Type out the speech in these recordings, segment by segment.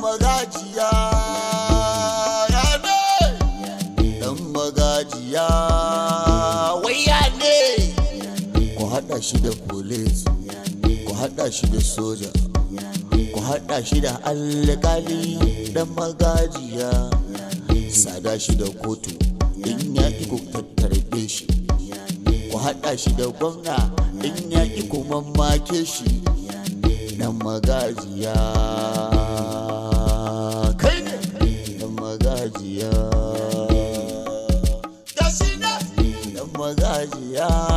magajiya ya magajiya wai ya ne ku haɗa shi da police ku haɗa shi da soja ku haɗa shi da alƙali da magajiya sada shi da kotu in ya ku tattarbe shi ku haɗa shi da gwamna in ya ku mamake shi dan magajiya magajiya. Gashi na. magajiya.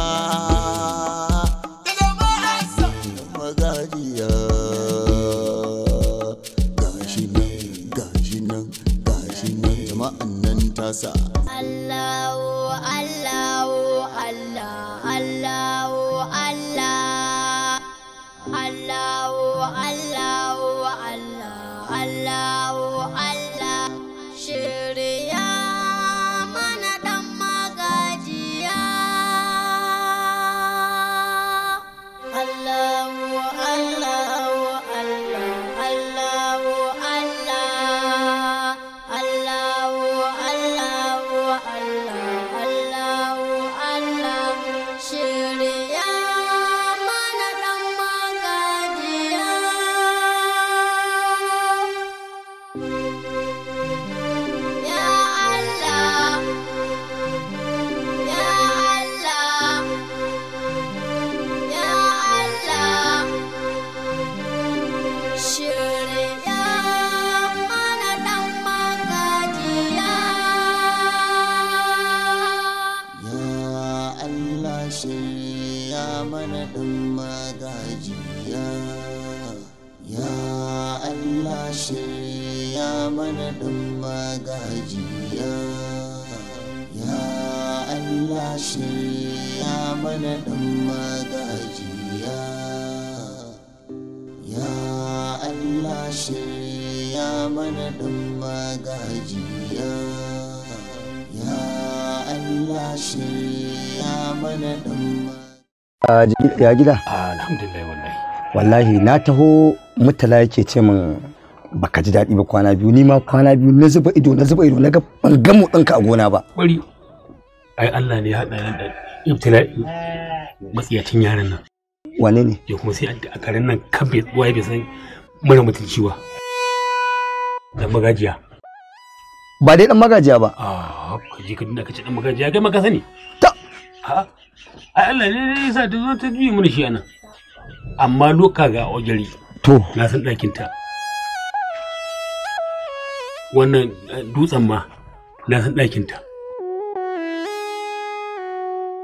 ya mana ɗan magajiya ya Allah ya mana ɗan magajiya ya Allah ya mana ɗan magajiya ya Allah ya mana ɗan magajiya Allah shirya mana ɗan ah, Ya gida? Ah, alhamdulillah wallahi. Wallahi na taho mutala yake ce min baka ji daɗi ba kwana biyu ni ma kwana biyu na zuba ido na zuba ido na ga ban gamu ɗanka a gona ba. Bari. Ai Allah ne ya haɗa nan da ibtila'i matsiyacin yaran nan. Wane ne? Ya kuma sai a garin nan kan bai tsuwa bai san mara mutunci ba. Dan magajiya. ba dai dan magajiya ba ah, a kaji kadin da kace dan magajiya kai maka sani ta a Allah ne ne yasa ta zo ta mun shi anan amma loka ga ogiri. to na san dakin ta wannan eh, dutsen ma na san dakin ta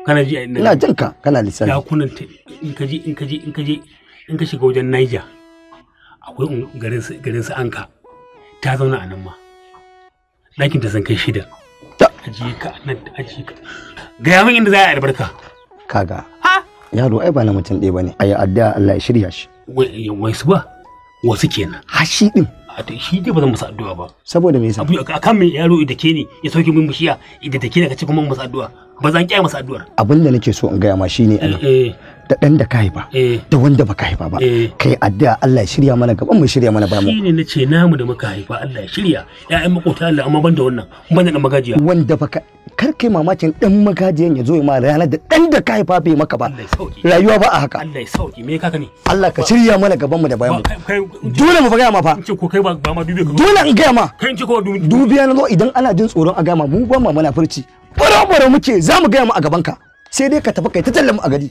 kana ji a inda ina jin kana lissafi dakunan ta in ka je in ka je in ka je in ka shiga wajen Niger akwai garin garin su anka ta zauna a nan ma ɗakin ta san kai shida ajiye ka nan da ajiye ka gaya min inda za a albarka kaga yaro ai ba na mutum ɗaya bane ayi addu'a Allah ya shirya shi wai su ba wasu kenan ha shi din a to shi dai ba zan masa addu'a ba saboda me yasa abu akan me yaro da ke ne ya sauke min bishiya idan da ke ne ka ci kuma masa addu'a ba zan kiyaye masa addu'ar abin da nake so in gaya ma shine eh, anan eh. da dan da ka haifa eh. da wanda baka haifa ba kai addu'a Allah ya shirya mana gaban mu shirya mana ba mu shine nace namu da muka haifa Allah ya shirya ƴaƴan makota Allah amma banda wannan banda da magajiya wanda baka kar kai mamakin dan magajiyan ya zo ya ma ranar da dan da ka haifa bai maka ba rayuwa ba a haka Allah ya sauki me ka ne Allah ka shirya mana gaban mu da bayan mu dole mu faga ma fa ko kai ba ma dubiya dole in ga ma kai in ce ko dubiya na zo idan ana jin tsoron a ga ma mu ba ma mana furci bara-bara muke za mu gaya mu a gabanka sai dai ka tafi kai ta talla mu a gari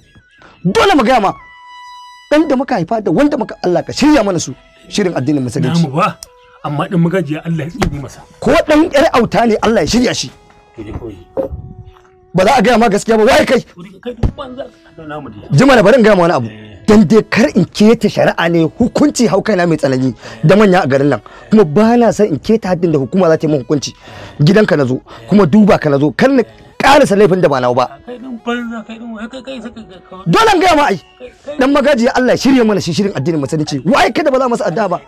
dole mu gaya ma dan da muka haifa da wanda muka Allah ka shirya mana su shirin addinin musulunci namu ba amma din magajiya Allah ya tsibi masa ko dan yar auta ne Allah ya shirya shi ba za a gaya ma gaskiya ba wai kai jima da bari in gaya ma wani abu eh. dan dai kar in keta shari'a ne hukunci hau kaina mai tsanani da manya a garin nan kuma ba na san in keta haddin da hukuma za ta yi min hukunci gidanka na zo kuma duba ka na zo kar na karasa laifin da ba nawa ba dole ga ma ai dan magaji Allah shirye mana shi shirin addinin musulunci wai kada ba za mu adda ba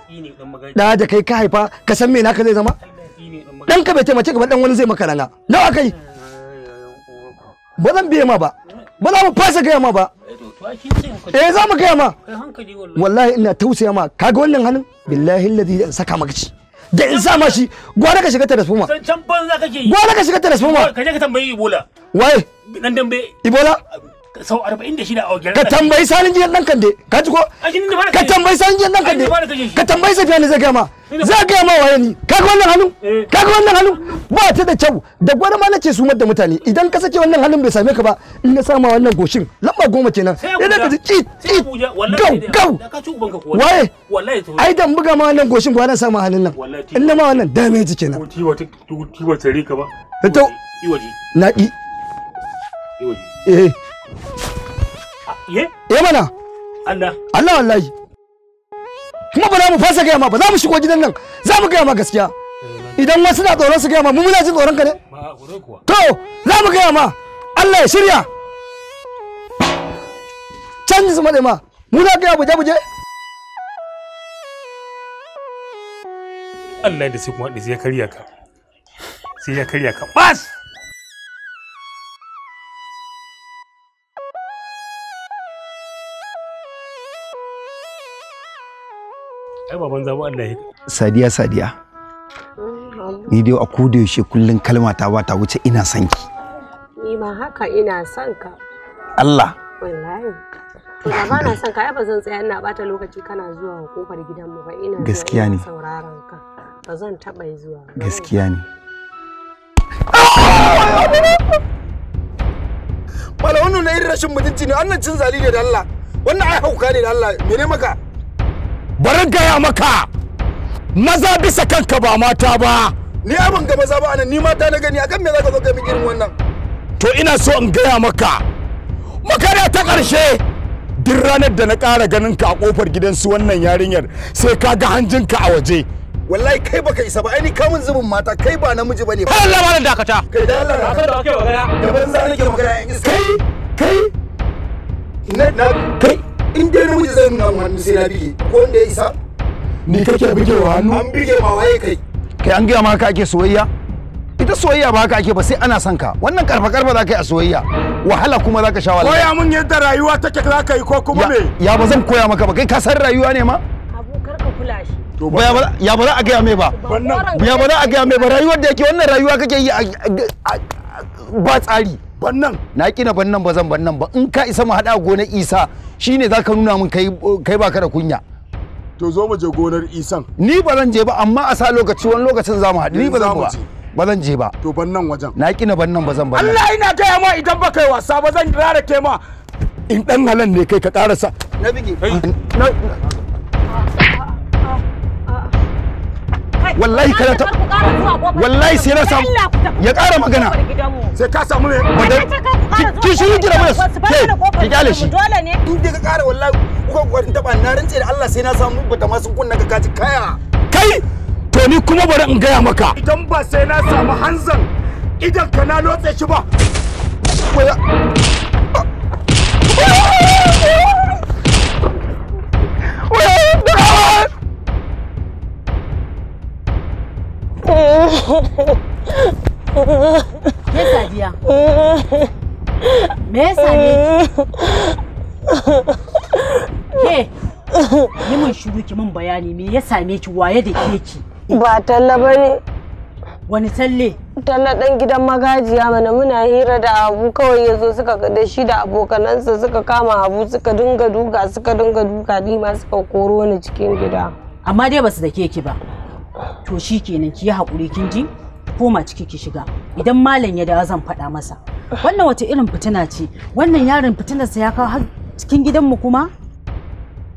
da da kai ka haifa ka san me naka zai zama dan ka bai taimace ka ba dan wani zai maka ranga nawa kai ba zan biye ma ba ba za mu fasa gaya ma ba eh za mu gaya ma wallahi ina tausaya ma kaga wannan halin billahi alladhi saka maka ci da in sa mashi gwara ka shiga transformer can banza kake yi gwara ka shiga transformer ka je ka tambayi ibola wai nan dambe ibola sau arba'in da shida a wajen ka tambayi salin jiyan dan kande ka ji ko ka tambayi salin jiyan dan kande ka tambayi safiya ne zai gaya ma zai gaya ma waye ni ga wannan eh. ka ga wannan halin ba ta da kyau da gwada ma nace su da mutane idan ka sake wannan halin bai same ka ba in na sama wannan goshin lamba goma kenan idan ka ji ci ci gau gau waye ai dan buga ma wannan goshin gwanan sama halin nan in na ma wannan damage kenan tuti wata tuti wata rika ba to iwaji na i iwaji eh Ye? Eh, mana? Allah. Allah wallahi. Kuma ba za mu fasa gaya ma ba za mu shigo gidan nan za mu gaya ma gaskiya. Idan wasu na tsoron su gaya ma mu muna jin tsoron ka ne? To za mu gaya ma Allah ya shirya. Canji su maɗe ma mu za gaya buje-buje. Allah da sai kuma haɗe sai ya karya ka. Sai ya karya ka bas. ai baban zabo Allah sadiya sadiya ni dai a koda yaushe kullun kalma ta ba ta wuce ina son ki ni ma haka ina son ka Allah wallahi to ba na son ka ai ba zan tsaya ina bata lokaci kana zuwa kofar gidanmu ba ina gaskiya ne sauraron ka ba zan taba zuwa gaskiya ne Mala wannan na irin rashin mutunci ne, wannan cin zali ne da Allah, wannan ai hauka ne da Allah, me ne maka? bari gaya maka maza bisa kanka ba mata ba ni abin ga maza ba ni mata na gani akan me zaka zo ka irin wannan to ina so in gaya maka makara ta karshe duk ranar da na ƙara ganin ka a kofar gidansu wannan yarinyar sai ka ga hanjinka a waje wallahi kai baka isa ba aini kamun zubin mata kai ba namiji bane ba Allah malam dakata kai da Allah ka da kake magana da banza nake magana kai kai na kai in dai namiji zai nuna mu hannu sai na bige ko inda ya isa ni kake wa hannu an bige ma waye kai kai an gaya ma ka ake soyayya ita soyayya ba haka ake ba sai ana son ka wannan karfa karfa za ka yi a soyayya wahala kuma za ka sha wahala koya mun yadda rayuwa take za ka yi ko kuma me ya ba zan koya maka ba kai ka san rayuwa ne ma abokar ka kula shi ya ba za a gaya mai ba ya ba za a gaya mai ba rayuwar da yake wannan rayuwa kake yi ba tsari bannan na kina bannan ba zan bannan ba in ka isa mu hada gonar isa shine zaka nuna min kai kai baka da kunya to zo mu je gonar isan ni ba zan je ba amma a sa lokaci wani lokacin za mu haɗu ni ba zan ba ba zan je ba to bannan wajen na kina bannan ba zan bannan Allah ina gaya ma idan ba kai wasa ba zan rara ke ma in dan halan ne kai ka karasa na bige wallahi kana ta wallahi sai na samu ya kara magana sai ka samu ne ki shi ki rabu su ke ki kyale shi dole ne in ka kara wallahi kuka gwarin taba na rantse da Allah sai na samu bata ma sun kunna ka kaji kaya kai to ni kuma bari in gaya maka idan ba sai na samu hanzan idan ka na lotse shi ba Ke sadiya? Me ya same ki? Ke, yi min shiru ki min bayani me ya same ki waye da ke ki? Ba talla bane. ne. Wani talle? Talla dan gidan magajiya mana muna hira da abu kawai ya zo suka da shi da abokanansa suka kama abu suka dinga duka suka dinga duka ni ma suka koro ni cikin gida. Amma dai basu da ke ki ba. to shi kenan ki yi haƙuri kin ji koma ciki ki shiga idan malam ya dawo zan faɗa masa wannan wata irin fitina ce wannan yaron fitinarsa ya kawo har cikin gidanmu kuma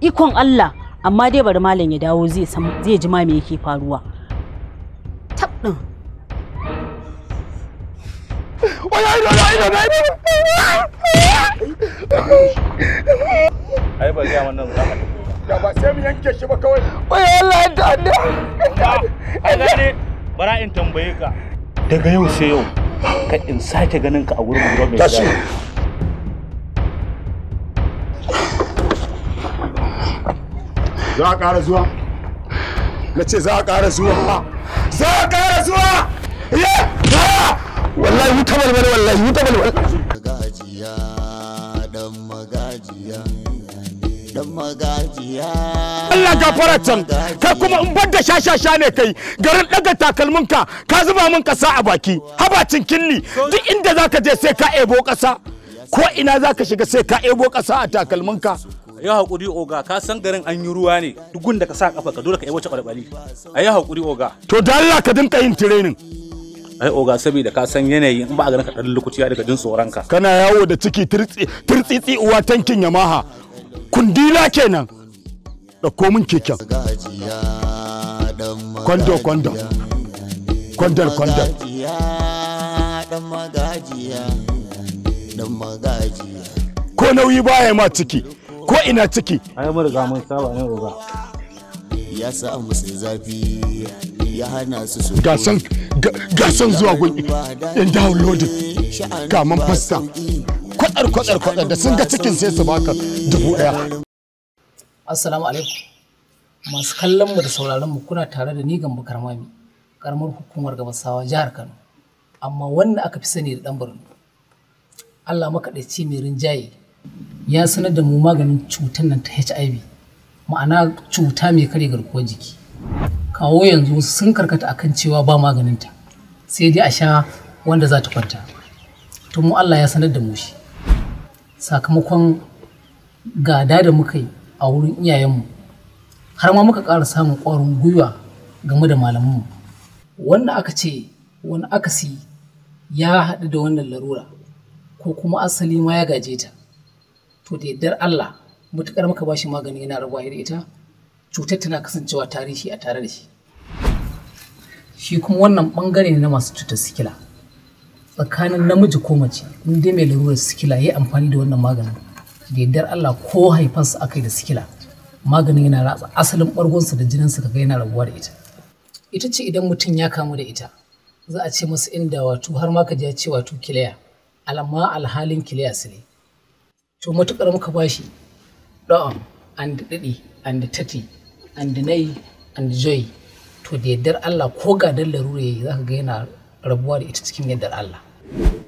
ikon Allah amma dai bari malam ya dawo zai zai ji ma me yake faruwa tab ai ba ga wannan zaka da ba sai mu yanke shi ba kawai wai Allah da Allah ne bara in tambaye ka daga yau sai yau ka in sake ganin ka a gurin gura mai tashi za a ƙara zuwa na ce za a ƙara zuwa za a ƙara zuwa ya wallahi wuta balbal wallahi wuta balbal magajiya dan magajiya dan ga Allah gafara can kai kuma in bar da shashasha ne kai garin daga takalmin ka ka zuba min kasa a baki haba kinni duk inda zaka je sai ka ebo kasa ko ina zaka shiga sai ka ebo kasa a takalmin ka ya haƙuri oga ka san garin an yi ruwa ne duk da ka sa kafa ka dole ka yi wace ƙwarɓali a ya haƙuri oga to da Allah ka dinka yin training ai oga saboda ka san yanayi in ba a ganin ka ɗan lokaci ya daga jin tsoron ka kana yawo da ciki tirtsitsi uwa tankin yamaha kundila kenan da mun keken kwando kwando kwandar kwandar ko nauyi baya ma ciki ko ina ciki ai mun riga mun saba ne roba. ya sa musu zafi ya hana su su gasan gasan zuwa gun in download kaman fasta kwatsar kwatsar kwatsar da sun ga cikin sai su baka dubu ɗaya. Assalamu alaikum. Masu kallon mu da sauraron mu kuna tare da ni Gambo Karmami, karamar hukumar Gabasawa jihar Kano. Amma wannan aka fi sani da ɗan Borno. Allah makaɗaici mai rinjaye ya sanar da mu maganin cutar nan ta HIV. Ma'ana cuta mai karya garkuwar jiki. Kawo yanzu sun karkata akan cewa ba maganin ta Sai dai a sha wanda za ta kwanta. tun mu Allah ya sanar da mu shi sakamakon gada da muka yi a wurin iyayenmu har ma muka ƙara samun ƙwarin gwiwa game da malamanmu wanda aka ce wani akasi ya haɗu da wannan larura ko kuma asali ma ya gaje ta to da yardar Allah matuƙar muka bashi magani yana rabuwa da ita cutar tana kasancewa tarihi a tare da shi shi kuma wannan ɓangare ne na masu cutar sikila tsakanin namiji ko mace in dai mai larurar sikila ya yi amfani da wannan maganin da yardar Allah ko haifansa aka yi da sikila maganin yana ratsa asalin ɓargonsa da jininsa kaga yana rabuwa da ita ita ce idan mutum ya kamu da ita za a ce masu inda wato har ma ka ji ce wato kilaya alamma alhalin kilaya su ne to matukar muka bashi da'am and didi and tati and nai and joy to da yardar Allah ko gadar larura yayi za ka ga yana rabuwa da ita cikin yadda Allah.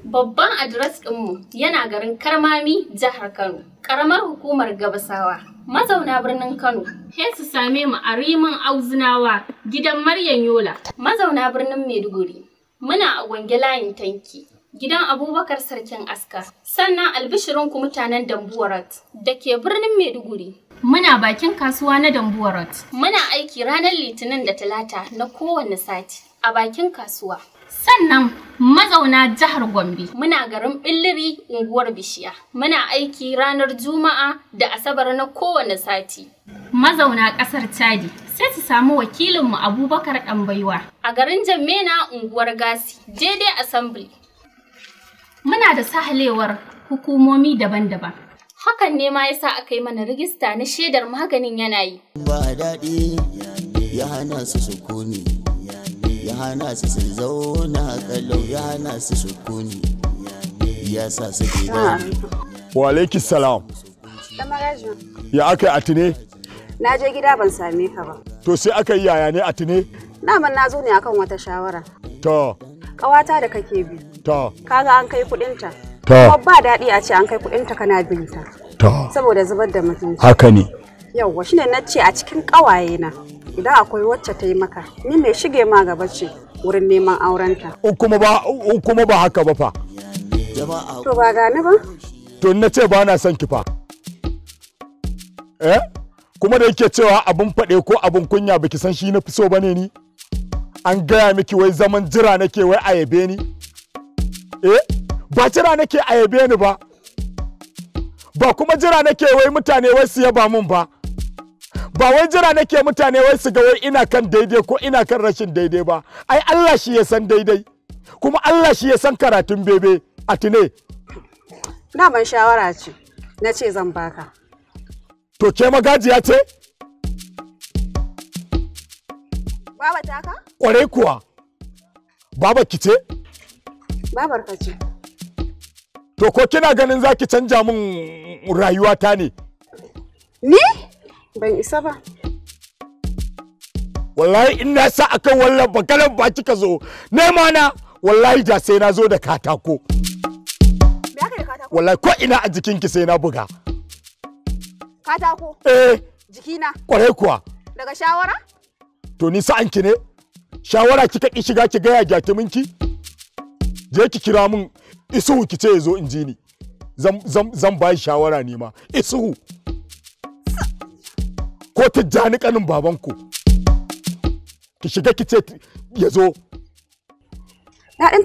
Babban adres ɗinmu yana garin Karmami, jihar Kano, ƙaramar hukumar Gabasawa. Mazauna birnin Kano, he su same mu a riman Auzunawa, gidan Maryam Yola. Mazauna birnin Maiduguri, muna a gwange layin tanki. gidan Abubakar Sarkin Aska. Sannan albishirinku mutanen Dambuwarat da ke birnin Maiduguri Muna bakin kasuwa na Dambuwa Road. Muna aiki ranar Litinin da Talata na kowane sati a bakin kasuwa. Sannan mazauna jihar Gombe. Muna garin Billiri unguwar Bishiya. Muna aiki ranar Juma'a da Asabar na kowane sati. Mazauna ƙasar Chadi sai su samu wakilinmu Abubakar Ɗanbaiwa. A garin Jammena unguwar Gasi, jede Assembly. Muna da sahalewar hukumomi daban-daban. Hakan ne ma ya sa aka yi mana rigista na shaidar maganin yanayi. Ba daɗi ya hana su sukuni, ya hana su su zauna kallau ya hana su sukuni, ya sa su ke Wa alaiki salam. Ya aka yi tine. Na je gida ban same ka ba. To sai aka yi yaya ne atine? Naman na zo ne akan wata shawara. To. Kawata da kake bi. To. Kaga an kai kuɗinta. ta ba daɗi a ce an kai kuɗin ta kana bin ta saboda zubar da mutunci haka ne yauwa shine na ce a cikin ƙawaye na idan akwai wacce ta yi maka ni mai shige ma gaba ce wurin neman aurenta kuma ba kuma ba haka ba fa to ba gani ba to na ce ba na son ki fa eh kuma da yake cewa abin faɗe ko abin kunya baki san shi na fi so bane ni an gaya miki wai zaman jira nake wai a yabe ni eh ba jira nake a yabe ni ba ba kuma jira nake wai mutane wai su yaba mun ba ba wai jira nake mutane wai su ga wai ina kan daidai ko ina kan rashin daidai ba ai Allah shi ya san daidai kuma Allah shi ya san karatun bebe a tune daman shawara ce na ce zan baka to ke magajiya ce baba taka kwarai kuwa baba ki ce babar ka ce to ko kina ganin zaki canja min rayuwata ne ni ban isa ba wallahi in na sa akan wallan bakalan ba kika zo ne ma na wallahi da sai na zo da katako Me da katako? wallahi ko ina a jikinki sai na buga katako eh jikina kwarai kuwa daga shawara to ni sa'anki ne shawara kika ki shiga ki gaya gyatuminki je ki kira mun. isuhu ki ce ya zo in ji ni zan ba shawara ne ma isuhu ko tijjani kanin babanku ki shiga ki ce ya zo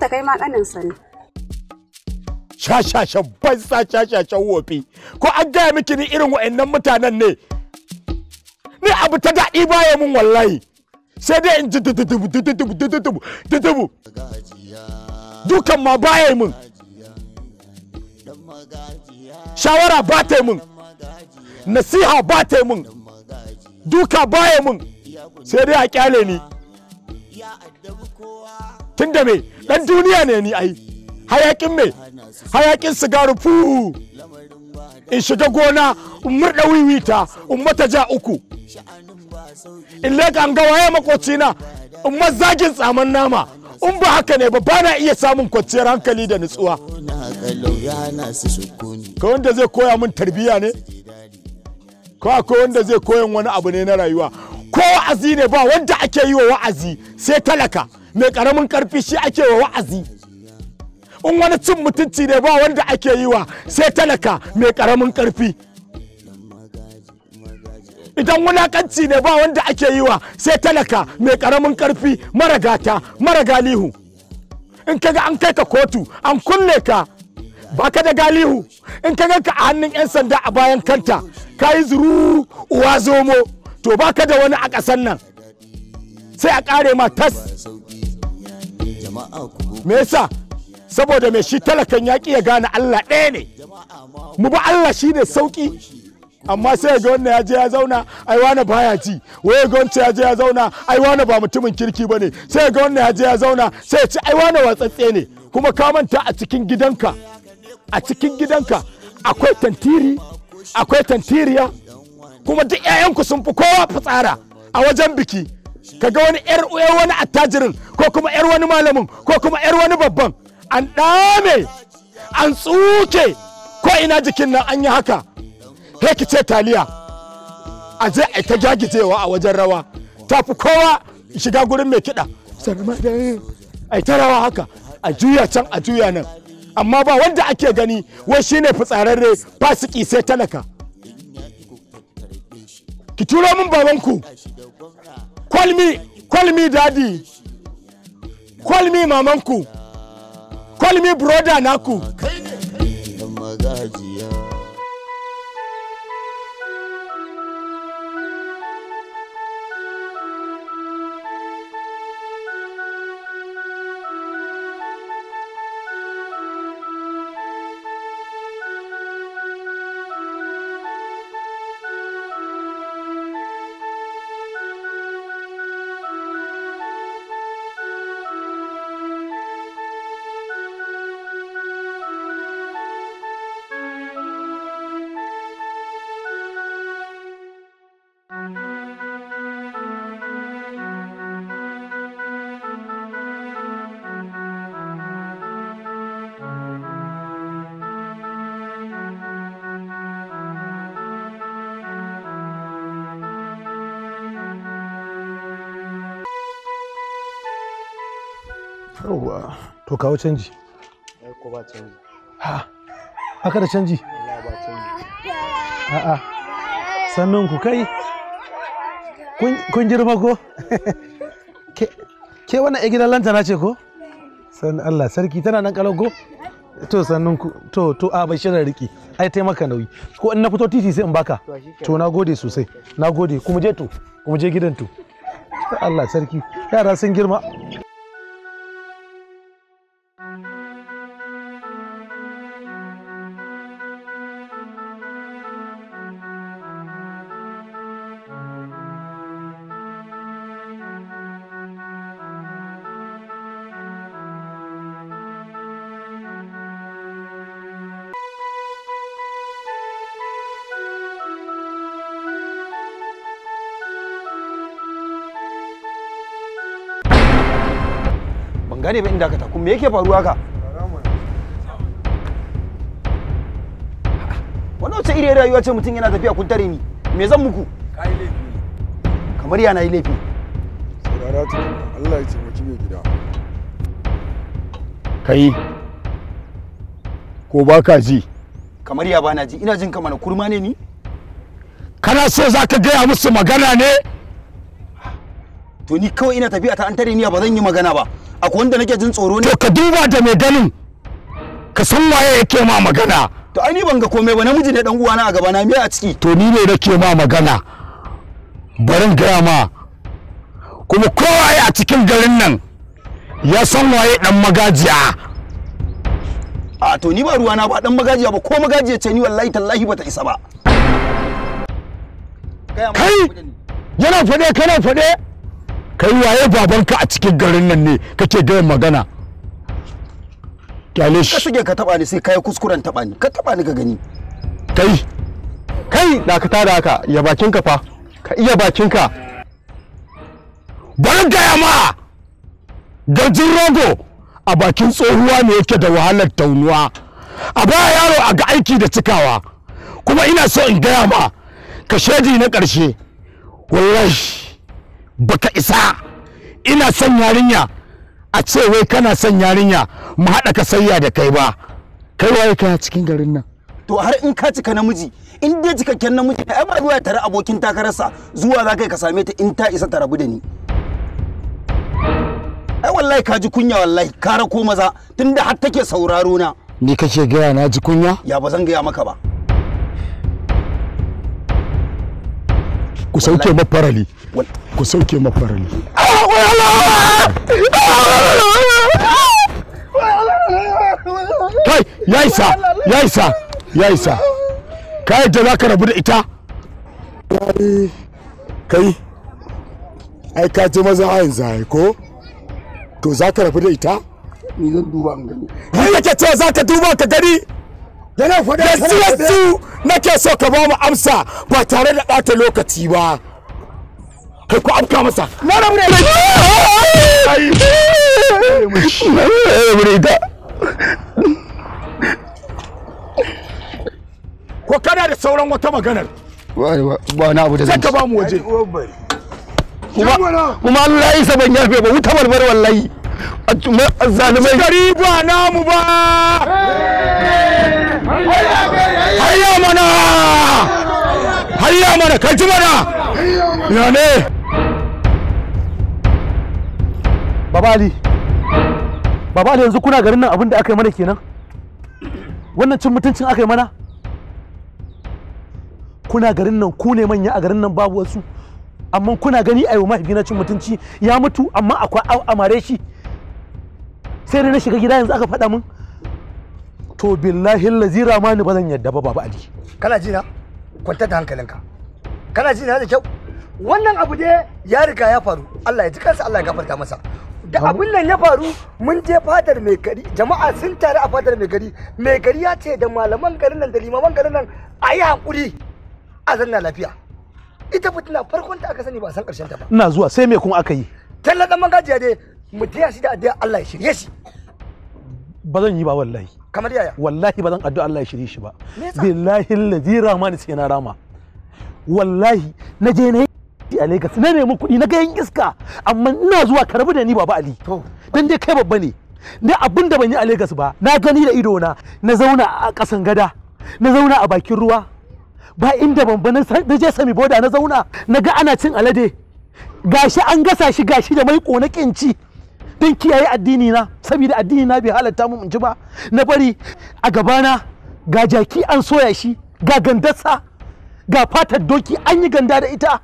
ta kai ma ɗaninsa ne shashashan banza shashashan wofi ko an gaya miki ni irin wa'annan mutanen ne ni abu ta daɗi baya mun wallahi sai dai in ji dudubu dudubu dudubu dukan ma baya mun shawara ba ta yi mun nasiha ba ta yi mun duka ba ya mun sai dai a kyale ni tun da me dan duniya ne ni ai hayakin me hayakin sigari fu in shiga gona in murɗa wiwita in mata ja uku in leka an ga ya makocina in mazagin tsaman nama in ba haka ne ba bana iya samun kwanciyar hankali da nutsuwa ka wanda zai koya min tarbiyya ne ko akwai wanda zai koyan wani abu ne na rayuwa ko wa'azi ne ba wanda ake yi wa wa'azi sai talaka mai karamin karfi shi ake wa wa'azi in wani cin mutunci ne ba wanda ake yi wa sai talaka mai karamin karfi idan wulakanci ne ba wanda ake yi wa sai talaka mai karamin karfi mara gata mara galihu in kaga an kai ka kotu an kulle ka ba ka da galihu in ka kaga ka a hannun 'yan sanda a bayan kanta ka yi zuru uwa zomo to ba ka da wani a ƙasan nan sai a ƙare ma tas me yasa saboda mai shi talakan yaƙi ya gane allah ɗaya ne mu ba allah shi ne sauƙi amma sai ga wannan ya je ya zauna ai wani baya ci waye ga wancan ya je ya zauna ai wani ba mutumin kirki ba ne. sai ga wannan ya je ya zauna sai ci ai wani watsatse ne kuma ka manta a cikin gidanka a cikin gidanka akwai tantiri akwai tantiriya kuma duk 'ya'yanku sun fi kowa fitsara a wajen biki kaga wani yar wani attajirin ko kuma yar wani malamin ko kuma yar wani babban an dame an tsuke ko ina jikin nan an yi haka he ki ce taliya a je a ta gyagijewa a wajen rawa ta fi kowa shiga gurin mai kiɗa sannan a ta rawa haka a juya can a juya nan amma ba wanda ake gani wai shi ne fitsararre fasiki sai talaka ki turo min babanku call me call me daddy call me mamanku call me brother naku magajiya yawwa to kawo canji ko ba canji ha haka da canji ba canji a'a sannan ku kai kun girma ko ke wannan ya gidan lantana ce ko sannan Allah sarki tana nan kalau ko to sannan ku to to a bai shirin riki ai taimaka nauyi ko in na fito titi sai in baka to na gode sosai na gode kuma je to kuma je gidan to Allah sarki yara sun girma ban gane ba inda ka kun me yake faruwa ka wani wace irin rayuwa ce mutum yana tafiya kun tare ni me zan muku kamar yana yi laifi saurara ta Allah ya taimaki mai gida kai ko ba ka ji kamar ya bana ji ina jin kamar kurma ne ni kana so za ka gaya musu magana ne to ni kawai ina tafiya ta an tare ni ba zan yi magana ba akwai wanda nake jin tsoro ne to ka duba da mai dalin ka san waye yake ma magana to ai ni ban ga komai ba namiji ne dan uwana a gaba na me a ciki to ni ne nake ma magana barin gaya ma kuma kowaye a cikin garin nan ya san waye dan magajiya a to ni ba ruwa na ba dan magajiya ba ko magajiya ce ni wallahi tallahi bata isa ba kai yana fade kana fade kai waye babanka a cikin garin nan ne kake gaya magana kyale shi ka ka taba ni sai kai kuskuren taba ni ka taba ni ga gani kai kai da ka tada haka ya bakin ka fa ka iya bakin ka bar gaya ma gajin rogo a bakin tsohuwa ne yake da wahalar taunuwa a ba yaro a ga aiki da cikawa kuma ina so in gaya ma ka shaidi na ƙarshe wallahi baka isa ina son yarinya a ce wai kana son yarinya mu haɗa ka sayya da kai ba kai waye ka cikin garin nan to har in ka cika namiji in dai cikakken namiji ai ba zuwa tare abokin takararsa zuwa za kai ka same ta in ta isa ta rabu da ni ai wallahi ka ji kunya wallahi ka rako maza tunda har take sauraro na ni kake gaya na ji kunya ya ba zan gaya maka ba ku sauke mafarali ku sauke mafarali kai ya isa ya isa ya isa ka yadda za ka rabu da ita kai ai ka ji maza ayin zai ko to za ka rabu da ita ni zan duba an gani ni nake ce za ka duba ka gani da na nake so ka ba mu amsa ba tare da ɓata lokaci ba kai ku afka masa na da ko kana da sauran wata maganar ba na abu da zan ka ba mu waje kuma Allah ya ba wuta wallahi zalimai gari ba namu ba hayya mana hayya mana kai mana ya ne babali babali yanzu kuna garin nan abin da aka yi mana kenan wannan cin mutuncin aka yi mana kuna garin nan ku ne manya a garin nan babu wasu amma kuna gani a yi na cin mutunci ya mutu amma akwai amare shi sai da na shiga gida yanzu aka faɗa min to billahi lazi ramani ba zan yadda ba baba ali kana ji na kwanta da hankalinka kana ji na da kyau wannan abu ne ya riga ya faru Allah ya ji kansa Allah ya gafarta masa da abin nan ya faru mun je fadar mai gari jama'a sun taru a fadar mai gari mai gari ya ce da malaman garin nan da limaman garin nan a yi haƙuri a zanna lafiya ita fitina farkon ta aka sani ba san karshen ta ba ina zuwa sai me kuma aka yi tallata magajiya dai mu taya shi da addu'a Allah ya shirye shi ba zan yi ba wallahi kamar yaya wallahi ba zan addu'a Allah ya shirye shi ba billahi allazi rahmani sai na rama wallahi na je na a Lagos na nemi kuɗi na ga yan iska amma ina zuwa ka da ni baba Ali dan dai kai babba ne Ni abin da ban yi a Lagos ba na gani da ido na na zauna a ƙasan gada na zauna a bakin ruwa ba inda ban ba na je sami boda na zauna na ga ana cin alade gashi an gasa shi gashi da mai ƙona ƙinci don kiyaye addini na saboda addini na bai halatta mun in ji ba na bari a gabana ga jaki an soya shi ga gandarsa ga fatar doki an yi ganda da ita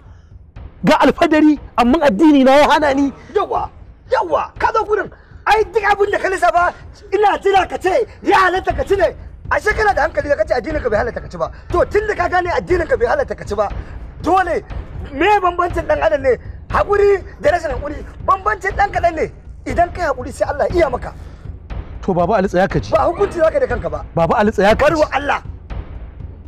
ga alfadari amma addini na ya hana ni yawa yawa ka zo gurin ai duk abin da ka ba ina jira ka ce ya halatta ka ci ne a shekara da hankali ka ce addinin ka bai halatta ka ci ba to tun da ka gane addinin ka bai halatta ka ci ba dole me bambancin dan adam ne hakuri da rashin hakuri bambancin dan kadan ne idan kai hakuri sai Allah iya maka to baba Ali tsaya ka ji ba hukunci zaka da kanka ba baba Ali tsaya ka barwa Allah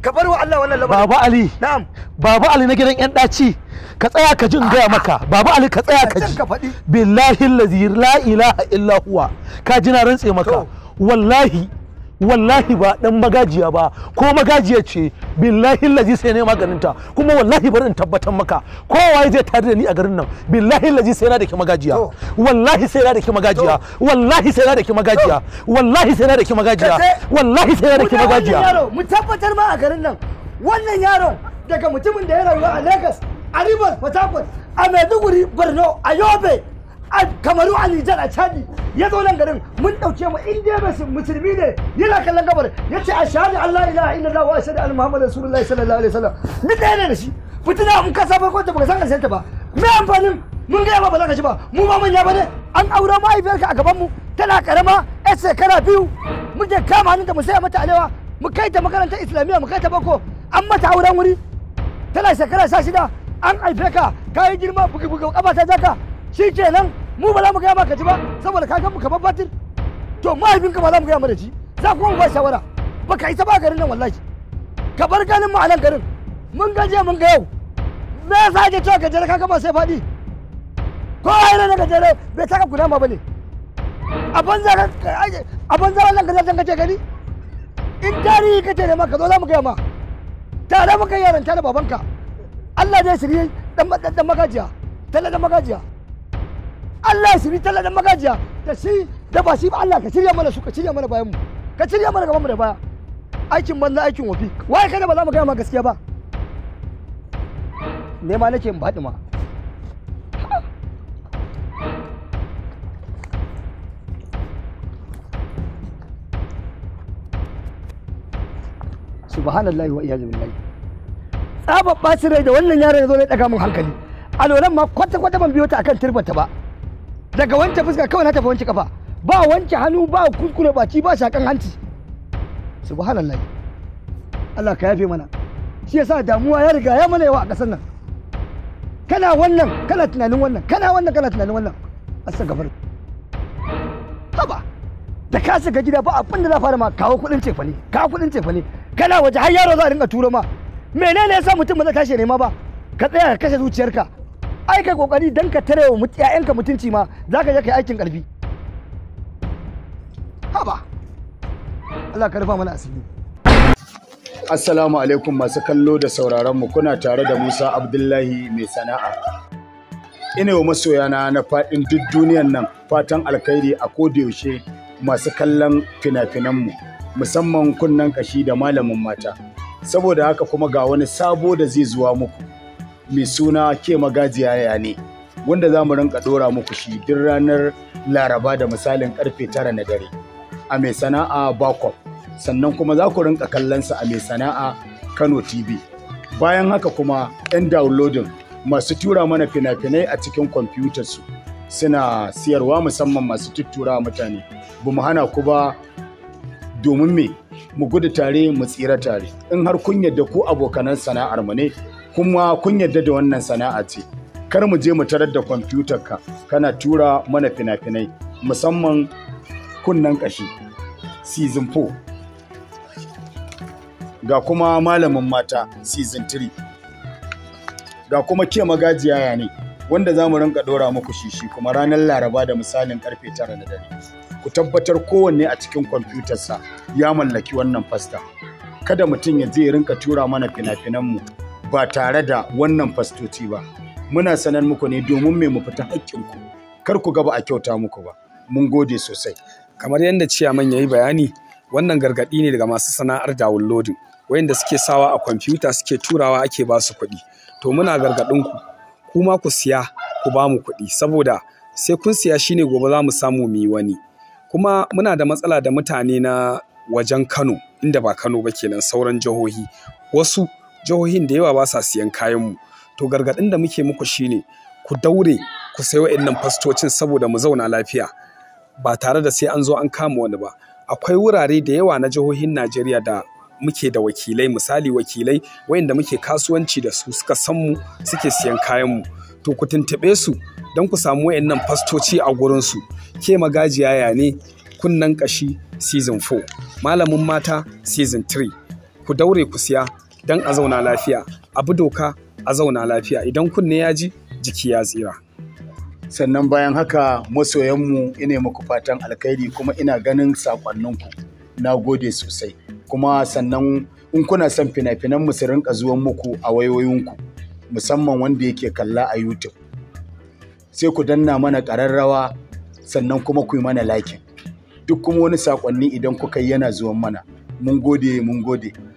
ka barwa Allah wannan lamarin baba Ali na'am baba Ali na gidan yan daci ka tsaya ka ji gaya maka baba Ali ka tsaya ka ji billahi allazi la ilaha illa huwa ka ji na rantse maka wallahi wallahi ba dan magajiya ba ko magajiya ce billahi lazi sai ne maganinta kuma wallahi bari in tabbatar maka kowa zai tare da ni a garin nan billahi lazi sai na da ke magajiya wallahi sai na da ke magajiya wallahi sai na da ke magajiya wallahi sai na da ke magajiya wallahi sai na da ke magajiya mu tabbatar ma a garin nan wannan yaron daga mutumin da ya rayuwa a Lagos a Rivers Port Harcourt a Maiduguri Borno a Yobe a kamaru a nijar a chadi ya zo nan garin mun dauke mu in mai musulmi ne yana kallon gabar ya ce ashhadu an la ilaha illallah wa ashhadu anna muhammadar rasulullah sallallahu alaihi wasallam ni ɗaya ne da shi fitina in ka safa ko ta baka san ta ba me amfanin mun ga ba ba za ka ci ba mu ma manya bane an aure mahaifiyarka a gaban mu tana karama yar shekara biyu mun je kama hannunta mu saya mata alewa mu kai ta makarantar islamiyya mu kai ta bako an mata auren wuri tana shekara sha shida an aife ka kayi girma bugi-bugi kafa ta jaka shi kenan mu ba za mu gaya ma ka ji ba saboda ka mu kamar batir to mahaifinka ba za mu gaya ma da ji za ku mu ba shawara ba ka isa ba garin nan wallahi ka bar ganin mu a nan garin mun ga jiya mun ga yau me yasa to cewa gajere ka kama sai faɗi ko yi na gajere bai taka guda ma bane a banza a banza wannan gajeren kace gani in tarihi kace ne ma ka zo za mu gaya ma tare muka yaranta da babanka Allah zai shirye dan dan magajiya talla dan magajiya Allah ya siri talla da magajiya da shi da ba shi ba Allah ka shirya mana su ka shirya mana bayan mu ka shirya mana gaban mu da baya aikin banza aikin wafi kai da ba za mu ga ma gaskiya ba nema nake in baɗi ma subhanallahi wa iyazu billahi tsabar bacin rai da wannan yaron ya zo ne daga mun hankali a loran ma kwata kwata ban biyo ta akan turbata ba daga wancan fuska kawai na tafi wancan kafa ba wancan hannu ba kuskure baci ba shakan hanci subhanallah Allah ka yafe mana shi yasa damuwa ya riga ya mana yawa a ƙasar nan kana wannan kana tunanin wannan kana wannan kana tunanin wannan astaghfir haba da ka shiga gida ba abin da za fara ma kawo kudin cefa ne kawo kudin cefa ne kana waje har yaro za a dinga turo ma menene yasa mutum ba zai tashi nema ba ka tsaya ka kashe zuciyarka ai kai kokari dan ka tare wa ƴaƴanka mutunci ma zaka je kai aikin karfi haba Allah ka rufa mana asiri Assalamu alaikum masu kallo da sauraron mu kuna tare da Musa Abdullahi mai sana'a ina wa masoyana na faɗin duk duniyan nan fatan alkhairi a yaushe masu kallon fina-finanmu musamman kunnan kashi da malamin mata saboda haka kuma ga wani sabo da zai zuwa muku mai suna ke magajiya ya ne wanda za mu rinka ɗora muku shi duk ranar laraba da misalin karfe tara na dare a mai sana'a bakwam sannan kuma za ku rinka kallonsa a mai sana'a kano tv bayan haka kuma 'yan downloading masu tura mana fina-finai a cikin kwamfutarsu suna siyarwa musamman masu tuttura mutane ba mu hana ku ba domin me mu gudu tare mu tsira tare in har kun yadda ku abokanan sana'ar mu ne kuma kun yarda da wannan sana'a ce kar mu je mu tarar da kwamfutar ka kana tura mana fina-finai musamman kunnen kashi season 4 ga kuma malamin mata season 3 ga kuma ke magajiya ya ne wanda za mu rinka dora muku shishi kuma ranar laraba da misalin karfe 9 na dare ku tabbatar kowanne a cikin kwamfutarsa ya mallaki wannan fasta kada mutum ya je rinka tura mana fina-finanmu ba tare da wannan fastoci ba muna sanar muku ne domin mai mu fita hakkinku kar ku gaba a kyauta muku ba mun gode sosai kamar yadda ciyaman ya yi bayani wannan gargaɗi ne daga masu sana'ar downloading wayanda suke sawa a kwamfuta suke turawa ake ba su kuɗi to muna gargaɗin ku kuma ku siya ku ba mu kuɗi saboda sai kun siya shine gobe za mu samu mu yi wani kuma muna da matsala da mutane na wajen Kano inda ba Kano ba kenan sauran jihohi wasu jihohin da yawa ba sa siyan kayanmu to gargadin da muke muku shine ku daure ku sayi wa'annan fastocin saboda mu zauna lafiya ba tare da sai an zo an kama wani ba akwai wurare da yawa na jihohin najeriya da muke da wakilai misali wakilai wayanda muke kasuwanci da su suka san mu suke siyan kayan mu to ku tuntube su don ku samu wayannan fastoci a gurin su ke magajiya ya ne kunnen kashi season 4 malamin mata season 3 ku daure ku siya don a zauna lafiya abu doka a zauna lafiya idan kunne ya ji jiki ya tsira sannan bayan haka masoyanmu ina muku fatan alkhairi kuma ina ganin sakonninku na gode sosai kuma sannan in kuna son fina-finan mu su rinka zuwan muku a wayoyinku musamman wanda yake kalla a youtube sai ku danna mana ƙararrawa sannan kuma ku yi mana likin duk kuma wani saƙonni idan kuka yi yana zuwan mana mun gode mun gode